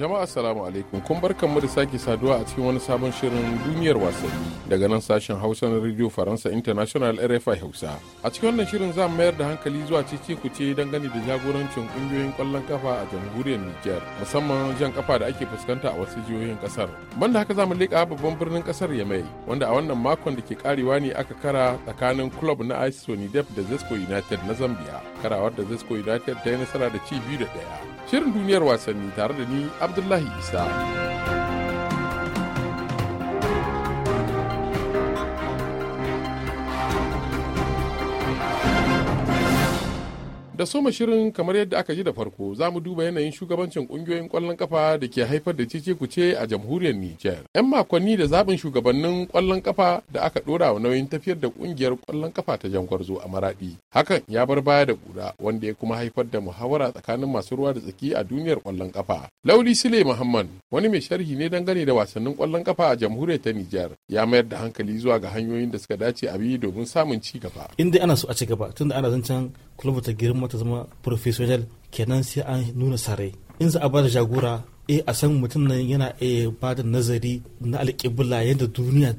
Jama'a assalamu alaikum kun barkanmu da sake saduwa a cikin wani sabon shirin duniyar wasanni daga nan sashen Hausa na Radio Faransa International RFI Hausa. A cikin wannan shirin za mu mayar da hankali zuwa cece don dangane da jagorancin kungiyoyin kwallon kafa a jamhuriyar niger musamman jan kafa da ake fuskanta a wasu jihohin kasar. Banda haka za mu leƙa babban birnin kasar Yamai wanda a wannan makon da ke karewa ne aka kara tsakanin club na AS Sonidep da Zesco United na Zambia. Karawar da Zesco United ta yi nasara da ci biyu da ɗaya. Shirin duniyar wasanni tare da ni abdullahi isa Da soma shirin kamar yadda aka ji da farko za mu duba yanayin shugabancin kungiyoyin kwallon kafa da ke haifar da cece kuce a jamhuriyar Nijar. 'Yan makonni da zaɓin shugabannin kwallon kafa da aka ɗora wa nauyin tafiyar da kungiyar kwallon kafa ta Jankwarzo a maradi. Hakan ya bar baya da ƙura wanda ya kuma haifar da muhawara tsakanin masu ruwa da tsaki a duniyar kwallon kafa. Lauli Sule Muhammad wani mai sharhi ne dangane da wasannin kwallon kafa a jamhuriyar ta Nijar ya mayar da hankali zuwa ga hanyoyin da suka dace a biyu domin samun ci gaba. Inda ana so a ci gaba tunda ana zancen kulubuta girma ta zama professional kenan sai an nuna sare in za a ba da jagora eh a san mutum nan yana iya ba da nazari na alƙibla yadda duniya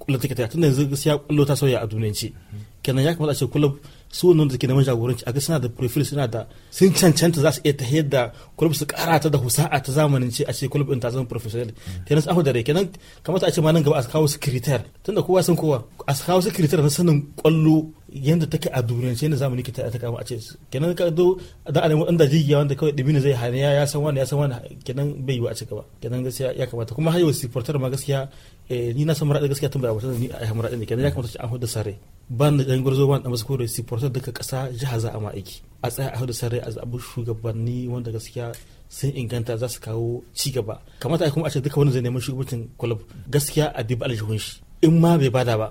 kullum take tafiya tunda yanzu ya kullo ta sauya a ci kenan ya kamata a ce kullum su wannan da ke neman jagoranci a ga suna da profil suna da sun cancanta za su iya ta da kullum su kara ta da husa'a ta zamanin ce a ce kullum din ta zama professional kenan su da rai kenan kamata a ce ma nan gaba a kawo su kritar tunda kowa san kowa a kawo su kritar na sanin kwallo yanda take a duniyance yadda zamani ke ta kama a ce kenan ka do da alamu wanda jigiya wanda kawai dimina zai hane ya san wani ya san wani kenan bai yiwu a cika ba kenan gaskiya ya kamata kuma har yau siportar ma gaskiya eh, ni na san muraɗin gaskiya tun bai abuta ni a yi muraɗin ne kenan ya kamata an hudu sare ban da ɗan gwarzo ban da masu kore siportar duka ƙasa jiha za a ma aiki a tsaya a hudu sare a zaɓi shugabanni wanda gaskiya sun inganta za su kawo ci gaba kamata a kuma a ce duka wani zai neman shugabancin kulub gaskiya a dibi aljihun shi in ma bai bada ba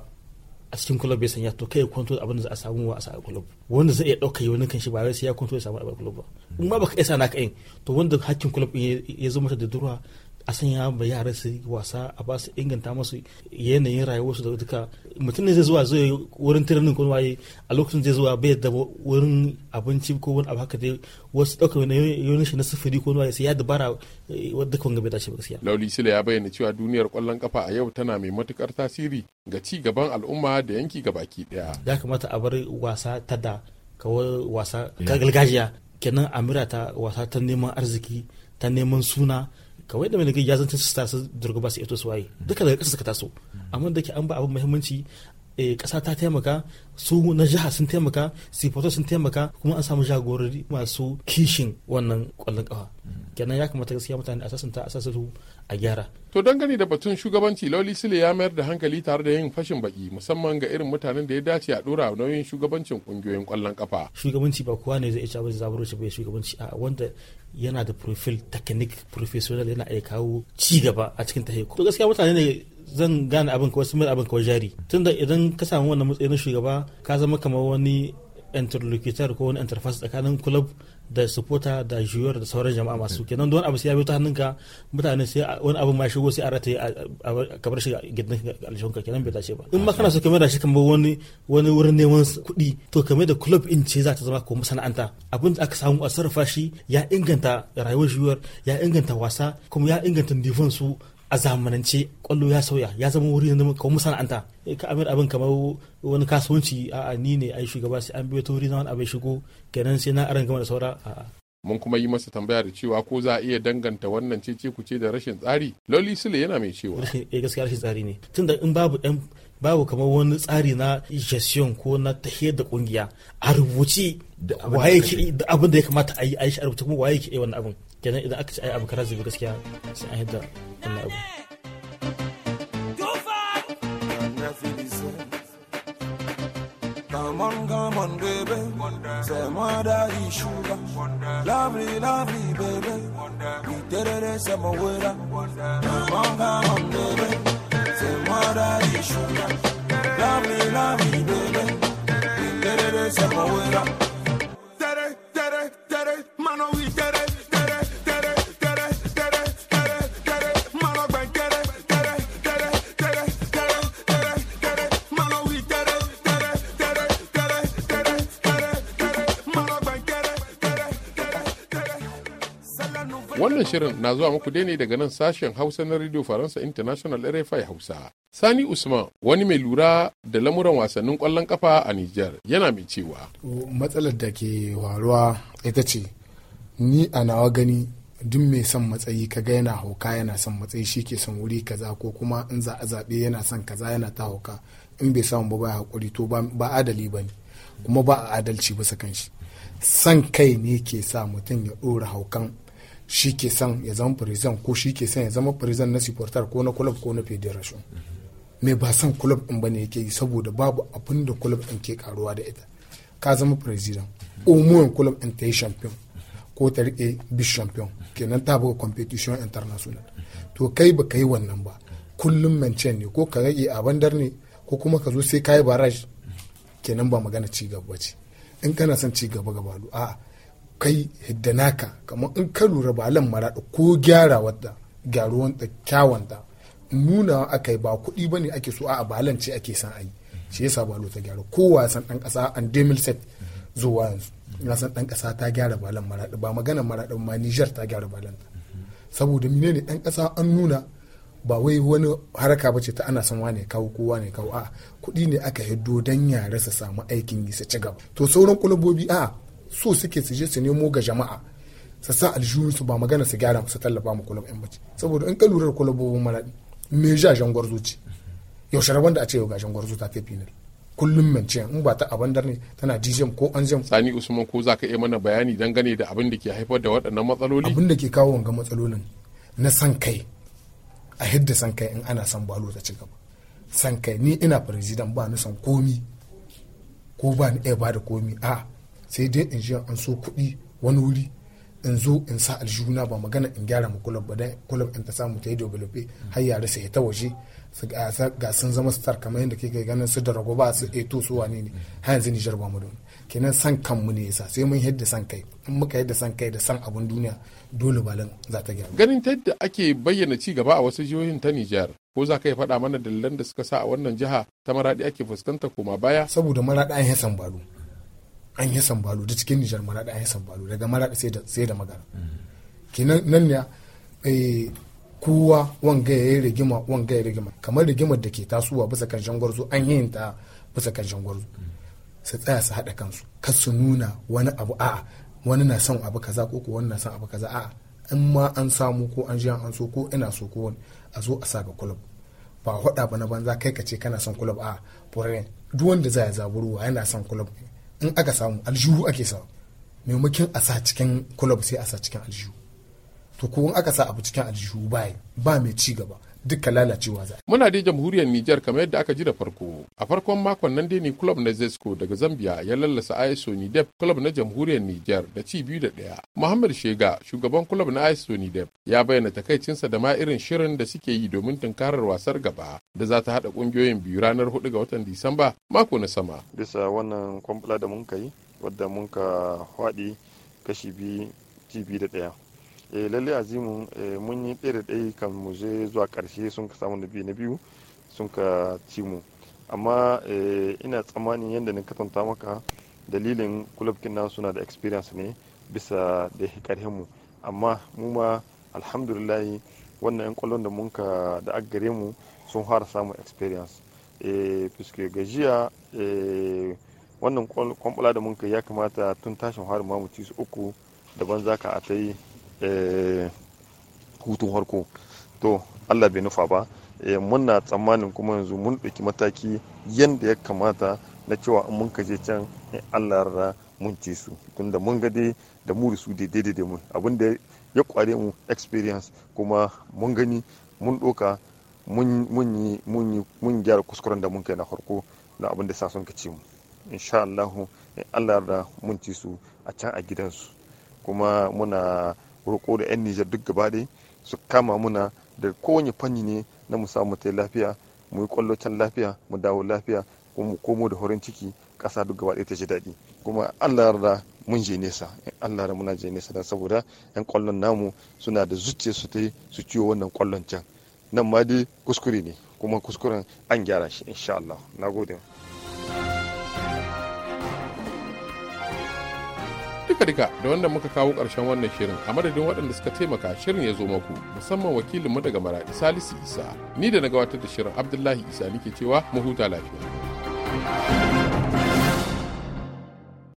a cikin club ya sanya to kai ya kwanto abin da za a samu wa a sa club wanda zai iya dauka yau kan shi ba sai ya kwanto ya samu a club ba in ma baka isa na kain to wanda hakkin club ya zo mata da durwa a sanya ba yara su wasa a ba su inganta masu yanayin rayuwarsu da duka mutum ne zai zuwa zai wurin tirinin ko waye a lokacin zai zuwa bai da wurin abinci ko wani abu haka dai wasu ɗaukar wani shi na sufuri ko waye sai ya dabara eh, wadda kan gaba dace ba gaskiya. Lauli Sile ya bayyana cewa duniyar kwallon kafa a yau tana mai matukar tasiri ga ci gaban al'umma da yanki gabaki ɗaya. Ya kamata a bar wasa ta da kawai wasa ta gargajiya kenan amira ta wasa ta neman arziki ta neman suna kawai da mai ya zancin su tasu durga ba su ito su waye duka daga ƙasa suka taso amma da ke an ba abin muhimmanci kasa eh, ta taimaka su na jiha sun taimaka sifoto sun taimaka kuma an samu jagorori masu kishin wannan ƙwallon kafa kenan ya kamata gaskiya mutane a sasanta a sasatu a gyara to dangane da batun shugabanci lauli sile ya mayar da hankali tare da yin fashin baki musamman ga irin mutanen da ya dace a dora nauyin shugabancin kungiyoyin kwallon kafa shugabanci ba kowa ne zai iya cewa zaburo shi bai shugabanci a wanda yana da profil technique professional yana iya kawo ci gaba a cikin tahiyyar to gaskiya mutane ne zan gane abin kawai sun abin kawai jari tunda idan ka samu wannan matsayin shugaba ka zama kamar wani interlocutor ko wani interface tsakanin club da supporter da juyar da sauran jama'a masu hmm. kenan don abu sai ya biyo ta ka mutane sai wani abu ma shigo sai a rataye a kabar shi gidan ka kenan bai dace ba hmm. in ma kana so kamar da shi kamar wani wani wurin neman kuɗi to kamar da club in ce za ta zama ko masana'anta abin da aka samu a sarrafa shi ya inganta rayuwar juyar ya inganta wasa kuma ya inganta defense su a zamanance kwallo ya sauya ya zama wuri na kawo masana'anta eh, ka amir abin kamar wani kasuwanci a ni ne yi shugaba sai an biyo ta wuri na wani abin shigo kenan sai na aran gama da saura a mun kuma yi masa tambaya da cewa ko za a iya danganta wannan ce kuce da rashin tsari loli sule yana mai cewa eh gaskiya rashin tsari ne tunda in babu yan babu kamar wani tsari na gestion ko na tahiyar da kungiya a rubuce da abin da ya kamata a yi a yi shi a rubuce kuma waye ke wannan abin kenan idan aka ci ai abu kaza gaskiya sai an yadda wannan abu Come on, come on, baby. Say, mother, you sugar. Lovely, lovely, baby. We did it, say, my weather. Come on, come on, baby. Say, mother, you sugar. Lovely, lovely, baby. We did it, say, my Wannan shirin na zuwa muku dai ne daga nan sashen Hausa na Radio Faransa International RFI Hausa. Sani Usman wani mai lura da lamuran wasannin kwallon kafa a Nijar yana mai cewa. Matsalar da ke waruwa ita ce ni a nawa gani duk mai son matsayi kaga yana hauka yana son matsayi shi ke son wuri kaza ko kuma in za a zaɓe yana son kaza yana ta hauka in bai samu ba ba hakuri to ba adali ba ne kuma ba a adalci bisa kan shi son kai ne ke sa mutum ya ɗora haukan shi ke son ya zama president ko shi ke son ya zama president na siportar ko na club ko na federation me ba son club din bane yake yi saboda babu abin da club in ke karuwa da ita ka zama president umuwan club in ta yi champion ko ta rike bis champion kenan ta buga competition international to kai ba ka yi wannan ba kullum mancen ne ko ka rage a bandar ne ko kuma ka zo sai ka yi barrage kenan ba magana ci gaba ce in kana son ci gaba gaba a'a kai hidda naka kamar in ka lura balan maraɗa ko gyara wadda gyaruwan da kyawanta nuna aka yi ba kuɗi ba ne ake so a balan ce ake san ayi shi yasa balo ta gyara ko wasan ɗan ƙasa an demil set zuwa yanzu wasan ɗan ƙasa ta gyara balan maraɗa ba magana maraɗa ma nijar ta gyara balan ta saboda ne ɗan ƙasa an nuna ba wai wani haraka ba ce ta ana son wane kawo kowa ne kawo a kuɗi ne aka hiddo don yara su samu aikin yi su ci gaba to sauran kulabobi a so suke su je su nemo ga jama'a su sa su ba magana su gyara su tallafa mu kulab yan saboda in ka lura da kulabobin maradi me ja jangwar zuci yaushe rabon da a ce yau ga jangwar zuci ta fi final kullum mance in ba ta abandar ne tana dijem ko an anjem sani usman ko zaka iya mana bayani dangane da abin da ke haifar da waɗannan matsaloli abin da ke kawo wanga matsalolin na san kai a hidda san kai in ana san balo ta ci gaba san kai ni ina president ba ni san komi ko ba ni iya ba da komi a sai dai in je an so kuɗi wani wuri in zo in sa aljuna ba magana in gyara mu kulub ba dan kulub in ta samu ta yi develope har yare sai ta waje ga sun zama star kamar yadda kai ganin su da rago ba su eh to su wani ne har yanzu Nijar ba mu da kenan san kanmu ne yasa sai mun yadda san kai in muka yadda san kai da san abun duniya dole balan za ta gyara ganin ta yadda ake bayyana ci gaba a wasu jihohin ta Nijar ko za ka yi faɗa mana dalilan da suka sa a wannan jiha ta maradi ake fuskanta koma baya saboda maradi an yi san baro an yi sambalo da cikin nijar maraɗi an yi sambalo daga maraɗi sai da magana kenan nan ne eh, kowa wanga ya yi rigima wanga ya rigima kamar rigimar da ke tasowa bisa kan shangwarzo an yi ta bisa kan shangwarzo su tsaya su haɗa kansu kar su nuna wani abu a'a wani na son abu kaza ko ko wani na son abu kaza a'a in ma an samu ko an ji an so ko ina so ko wani a zo a sa ga kulub ba hoda ba na banza kai ka ce kana son kulub a foreign duk wanda za ya zaburuwa yana son kulub ne in aka samu aljihu ake sa maimakon a sa cikin kulab sai a sa cikin aljihu to ko in aka sa abu cikin aljihu ba ba mai ci gaba duka lalacewa za. Muna dai jamhuriyar Nijar kamar yadda aka ji da farko. A farkon makon nan dai ne club na Zesco daga Zambia ya lallasa ISO Nidep club na jamhuriyar Nijar da ci biyu da ɗaya. Muhammad Shega shugaban club na ISO Nidep ya bayyana takaicinsa da ma irin shirin da suke yi domin tunkarar wasar gaba da za ta haɗa ƙungiyoyin biyu ranar hudu ga watan Disamba mako na sama. Bisa wannan kwamfula da mun kai wadda mun ka kashi biyu ci da ɗaya. eh lalle azimu eh, mun yi ɗaya da ɗaya kan mu je zuwa ƙarshe sun ka samu na biyu na biyu sun ka ci mu amma eh, ina tsammanin yadda na katanta maka dalilin kulabkin na suna da experience ne bisa da ƙarhin mu amma mu ma alhamdulillahi wannan 'yan kwallon da mun ka da aggare mu sun fara samun experience fiske eh, gajiya wannan kwamfula da mun ka ya kamata tun tashin har ma mu ci su uku daban zaka a ta yi Eh, hutun harko to allah bai nufa ba eh, muna tsammanin kuma yanzu mun ɗauki mataki yadda ya kamata na cewa in mun kaje can allah rara mun ce su tunda mun ga da mu da su daidai da mu abin da ya kware mu experience kuma mun gani mun ɗoka mun mun yi gyara kuskuren da mun kai na farko na abin da sa sun kace mu insha allahu allah rara mun ci su a can a gidansu kuma muna roƙo da 'yan nijar duk gaba dai su kama muna da kowane fanni ne na mu samu ta lafiya mu yi kwallo can lafiya mu dawo lafiya kuma mu komo da horin ciki ƙasa duk gaba ɗaya ta ji daɗi kuma allah yarda mun je nesa allah da muna je nesa don saboda 'yan kwallon namu suna da zuciya su ta su ciwo wannan kwallon can nan ma dai kuskure ne kuma kuskuren an gyara shi insha allah na gode duka-duka da wanda muka kawo ƙarshen wannan shirin a madadin waɗanda suka taimaka shirin ya zo maku musamman wakilinmu daga maraɗi salisu isa ni da na gabatar da shirin abdullahi isa nike cewa mu huta lafiya.